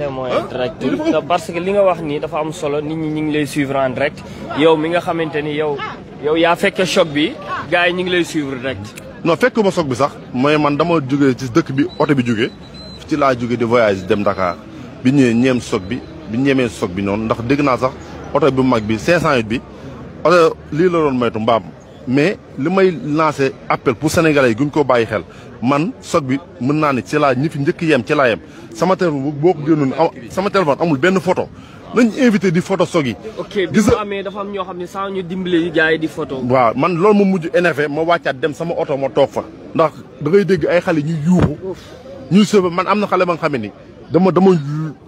Eh, mooy direct parce que li nga wax nii dafa am solo nit ñi ñu ngi lay suivre en direct yow mi nga xamante ni yow yow yaa fekke choc bi gars yi ñu ngi lay suivre direct noo fekk ma choc bi sax mooy man dama jógee ci dëkk bi oto bi jógee ci laa jóge di voyage dem Dakar bi ñëwee ñeem choc bi bi ñeemee choc bi noonu ndax dégg naa sax oto bu mag bi 508 bi oto lii la doon moytu mbaam mais li may lancé appel pour sénégalais yi ko bàyyi xel man soog bi mën naa ne ci laa ñi fi njëkk yem ci laa yem sama téléphone boo ko génnoon sama téléphone amul benn photo nañ invité di photo soog yi. gis nga amee dafa am ñoo xam ne sans ñu dimbali gars yi di photo. waaw man loolu ma mujj énervé ma wàccaat dem sama oto ma toog fa. ndax da ngay dégg ay xale ñuy yuuxu ñu sëb man am na xale ba nga xam ni dama dama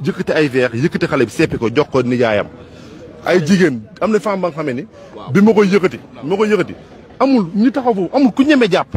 yëkkati ay verre yëkkati xale bi seppi ko jox ko nijaayam ay jigéen am na femme ba nga xam ni. bi ma koy yëkkati ma koy yëkkati amul ñu taxaw foofu amul ku ñeme jàpp.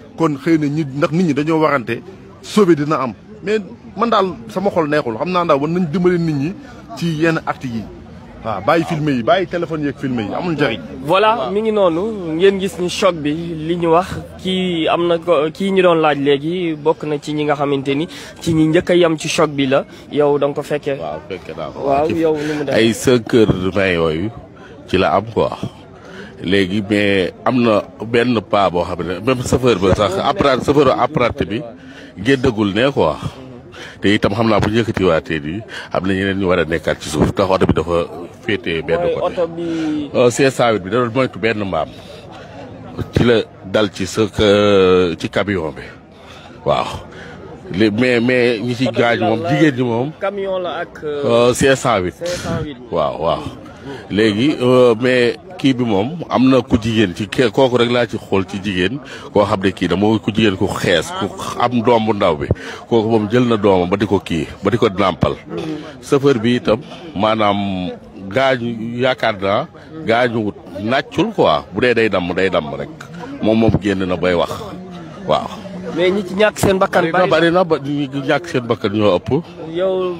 kon xëy na ñi ndax nit ñi dañoo waxante sauver dina am mais man daal sama xol neexul xam naa daal war nañ dimbale nit ñi ci yenn actes yi waaw bàyyi film yi bàyyi téléphone yeeg film yi amul njëriñ. voilà mi ngi noonu ngeen gis ni choc bi li ñu wax kii am na ko kii ñu doon laaj léegi bokk na ci ñi nga xamante ni ci ñi njëkk a yam ci choc bi la yow danga ko fekkee. waaw fekkee yow ni mu def ay 5 heures du matin ci la am quoi. léegi mais am na benn pas boo xam ne même chauffeur ba sax apprenti chauffeur apprenti bi génnagul ne quoi te itam xam naa bu ñu yëkkatiwaatee nii am na ñeneen ñu war a nekkaat ci suuf tax oto bi dafa féetee benn côté. oto bi. 508 bi da doon benn mbaam ci la dal ci sa ci camion bi mais mais ñi ci gaañ moom jigéen ñi moom. Oh, waaw léegi euh, mais. kii bi moom am na ku jigéen ci kii kooku rek laa ci xool ci jigéen koo xam ne kii da ko jigéen ku xees ku am doom bu ndaw bi kooku moom jël na doomam ba di ko kii ba di ko nàmpal chauffeur bi itam maanaam gaañu yaakaar naa gaañuwut nàccul quoi bu dee day damm day damm rek moom moom génn na bay wax waaw mais ñi ci ñàkk seen bakkan bari na bari na ñi seen bakkan ñoo ëpp. yow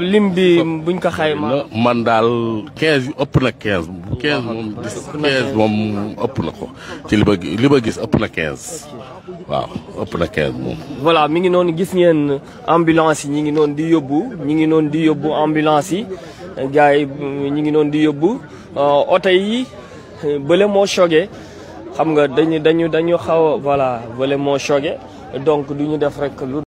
lim bi buñ ko xayma. man daal 15 yu ëpp na 15. 15 moom 15 moom ëpp na ko ci li ba gis ëpp na 15. waaw ëpp na 15 moom. voilà mi ngi noonu gis ngeen ambulance yi ñi ngi noonu di yóbbu ñi ngi noonu di yóbbu ambulance yi gars yi ñi ngi noonu di yóbbu euh, oto yi euh, bële moo choqué. xam nga dañu dañu dañu xaw a voilà vole moo choqué donc du ñu def rek lu